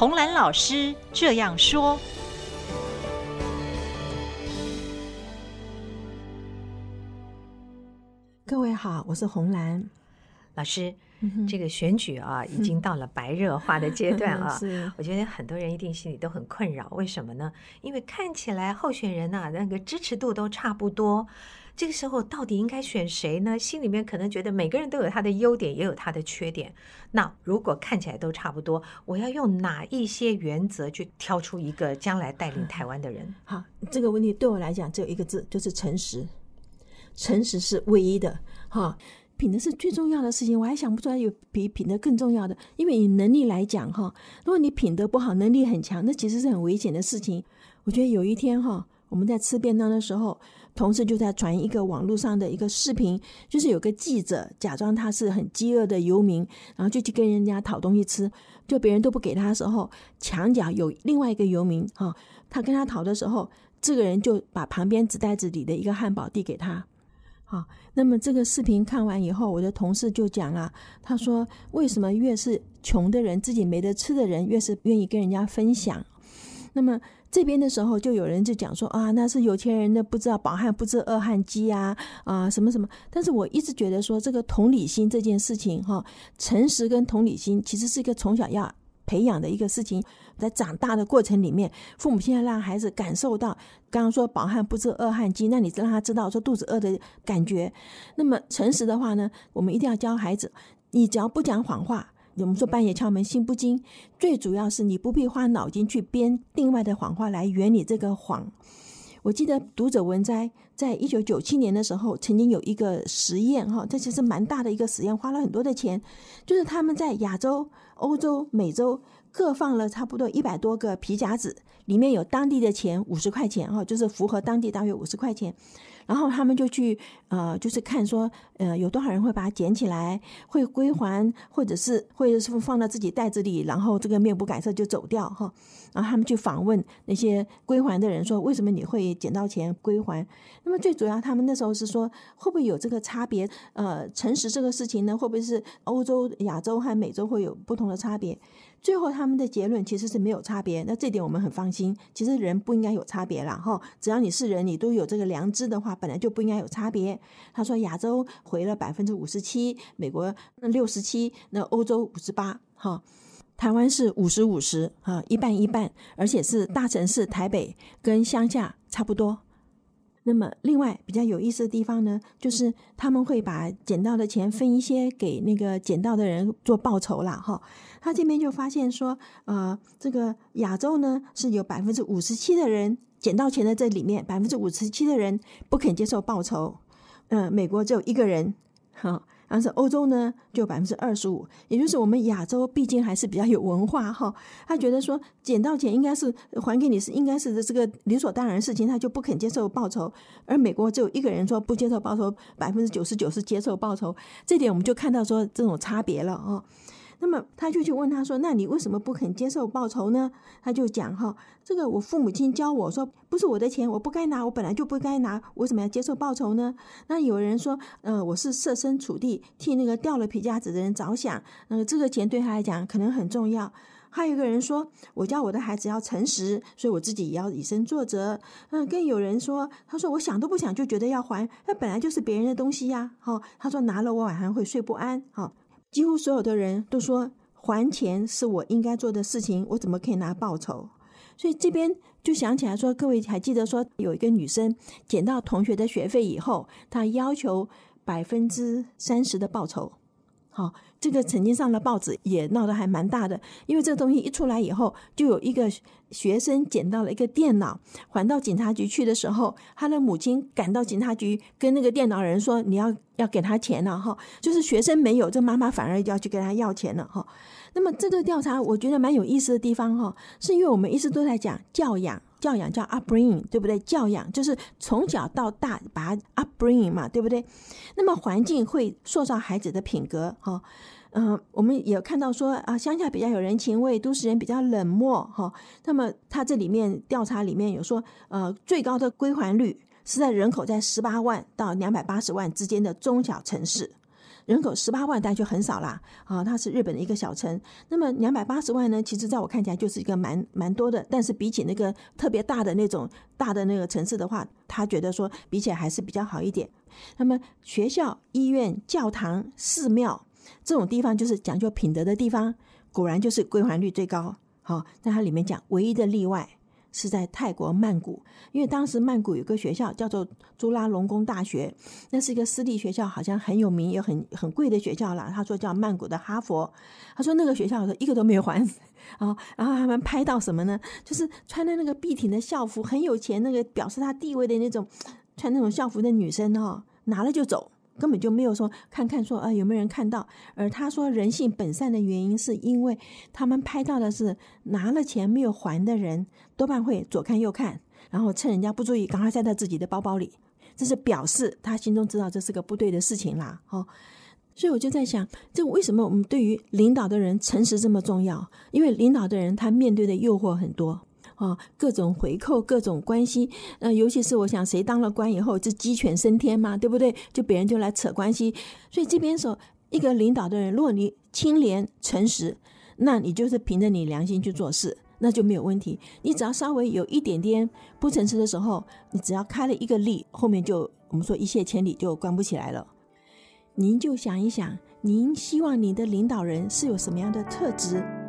洪蘭老師這樣說：“各位好，我是洪蘭老師。嗯、哼這個選舉啊，已經到了白熱化的階段啊，嗯、 是我覺得很多人一定心裡都很困擾。為什麼呢？因為看起來候選人吶、啊，那個支持度都差不多。”這個時候到底應該選誰呢？心裡面可能覺得每個人都有他的優點，也有他的缺點。那如果看起來都差不多，我要用哪一些原則去挑出一個將來帶領台灣的人？哈，這個問題對我來講只有一個字，就是誠實。誠實是唯一的。哈、哦，品德是最重要的事情，我還想不出來有比品德更重要的。因為以能力來講，哈，如果你品德不好，能力很強，那其實是很危險的事情。我覺得有一天，哈。我們在吃便當的時候，同事就在傳一個網絡上的一個視頻，就是有個記者假裝他是很飢餓的游民，然後就去跟人家討東西吃，就別人都不給他的時候，牆角有另外一個游民，哈、哦，他跟他討的時候，這個人就把旁邊紙袋子裡的一個漢堡遞給他，啊、哦，那麼這個視頻看完以後，我的同事就講了、啊，他說為什麼越是窮的人，自己沒得吃的人，越是願意跟人家分享，那麼。這邊的時候，就有人就講說啊，那是有錢人的不知道飽漢不知餓漢飢呀，啊什麼什麼。但是我一直覺得說，這個同理心這件事情哈，誠實跟同理心其實是一個從小要培養的一個事情，在長大的過程裡面，父母現在讓孩子感受到，剛剛說飽漢不知餓漢飢，那你讓他知道說肚子餓的感覺。那麼誠實的話呢，我們一定要教孩子，你只要不講謊話。我們說半夜敲門心不驚，最主要是你不必花腦筋去編另外的謊話來圓你這個謊。我記得讀者文摘在一九九七年的時候曾經有一個實驗，哈，這其實蠻大的一個實驗，花了很多的錢，就是他們在亞洲、歐洲、美洲各放了差不多一百多個皮夾子，裡面有當地的錢，五十塊錢，哈，就是符合當地大約五十塊錢。然後他們就去，呃，就是看說，呃，有多少人會把它撿起來，會歸還，或者是會是放到自己袋子裡，然後這個面不改色就走掉哈。然後他們去訪問那些歸還的人說，說為什麼你會撿到錢歸還？那麼最主要，他們那時候是說，會不會有這個差別？呃，誠實這個事情呢，會不會是歐洲、亞洲和美洲會有不同的差別？最後他們的結論其實是沒有差別。那這點我們很放心。其實人不應該有差別了哈，只要你是人，你都有這個良知的話。本來就不應該有差別。他說，亞洲回了百分之五十七，美國那六十七，那歐洲五十八，哈，台灣是五十五十啊，一半一半，而且是大城市台北跟鄉下差不多。那麼，另外比較有意思的地方呢，就是他們會把撿到的錢分一些給那個撿到的人做報酬啦，哈、哦。他這邊就發現說，呃，這個亞洲呢是有百分之五十七的人撿到錢的這裡面，百分之五十七的人不肯接受報酬，嗯、呃，美國只有一個人，哈。哦但是歐洲呢，就百分之二十五，也就是我們亞洲畢竟還是比較有文化哈，他覺得說撿到錢應該是還給你，是應該是這個理所當然的事情，他就不肯接受報酬。而美國只有一個人說不接受報酬，百分之九十九是接受報酬，這點我們就看到說這種差別了啊。那麼他就去問他說：“那你為什麼不肯接受報酬呢？”他就講哈，這個我父母親教我說，不是我的錢，我不該拿，我本來就不該拿，為什麼要接受報酬呢？那有人說，呃，我是設身處地替那個掉了皮夾子的人着想，那、呃、這個錢對他來講可能很重要。還有一個人說，我教我的孩子要誠實，所以我自己也要以身作則。嗯、呃，更有人說，他說我想都不想就覺得要還，那本來就是別人的東西呀，哈、哦，他說拿了我晚上會睡不安，哈、哦。幾乎所有的人都說還錢是我應該做的事情，我怎麼可以拿報酬？所以這邊就想起來說，各位還記得說有一個女生撿到同學的學費以後，她要求百分之三十的報酬，。好。這個曾經上了報紙，也鬧得還蠻大的。因為這個東西一出來以後，就有一個學生撿到了一個電腦，還到警察局去的時候，他的母親趕到警察局跟那個電腦人說：“你要要給他錢了、啊、哈、哦。”就是學生沒有，這媽媽反而就要去跟他要錢了哈、哦。那麼這個調查我覺得蠻有意思的地方哈、哦，是因為我們一直都在講教養，教養叫 upbringing，對不對？教養就是從小到大把 upbringing 嘛，對不對？那麼環境會塑造孩子的品格哈、哦。嗯、呃，我們也看到說啊，鄉下比較有人情味，都市人比較冷漠哈、哦。那麼，它這裡面調查裡面有說，呃，最高的歸還率是在人口在十八萬到兩百八十萬之間的中小城市，人口十八萬，當然就很少啦，啊、哦，它是日本的一個小城。那麼兩百八十萬呢，其實在我看起來就是一個蠻蠻多的，但是比起那個特別大的那種大的那個城市的話，他覺得說比起來還是比較好一點。那麼學校、醫院、教堂、寺廟。這種地方就是講究品德的地方，果然就是歸還率最高。好、哦，那它裡面講唯一的例外是在泰國曼谷，因為當時曼谷有個學校叫做朱拉隆功大學，那是一個私立學校，好像很有名，也很很貴的學校啦，他說叫曼谷的哈佛。他說那個學校說一個都沒有還啊，然後他們拍到什麼呢？就是穿着那個筆挺的校服，很有錢，那個表示他地位的那種，穿那種校服的女生哈、哦，拿了就走。根本就沒有說看看說啊、呃、有沒有人看到，而他說人性本善的原因是因為他們拍到的是拿了錢沒有還的人，多半會左看右看，然後趁人家不注意，趕快塞到自己的包包裡，這是表示他心中知道這是個不對的事情啦，哦，所以我就在想，這為什麼我們對於領導的人誠實這麼重要？因為領導的人他面對的誘惑很多。啊，各種回扣，各種關係，那尤其是我想，誰當了官以後，這雞犬升天嘛，對不對？就別人就來扯關係。所以這邊說，一個領導的人，如果你清廉誠實，那你就是憑着你良心去做事，那就沒有問題。你只要稍微有一點點不誠實的時候，你只要開了一個例，後面就我們說一瀉千里，就關不起來了。您就想一想，您希望您的領導人是有什麼樣的特質？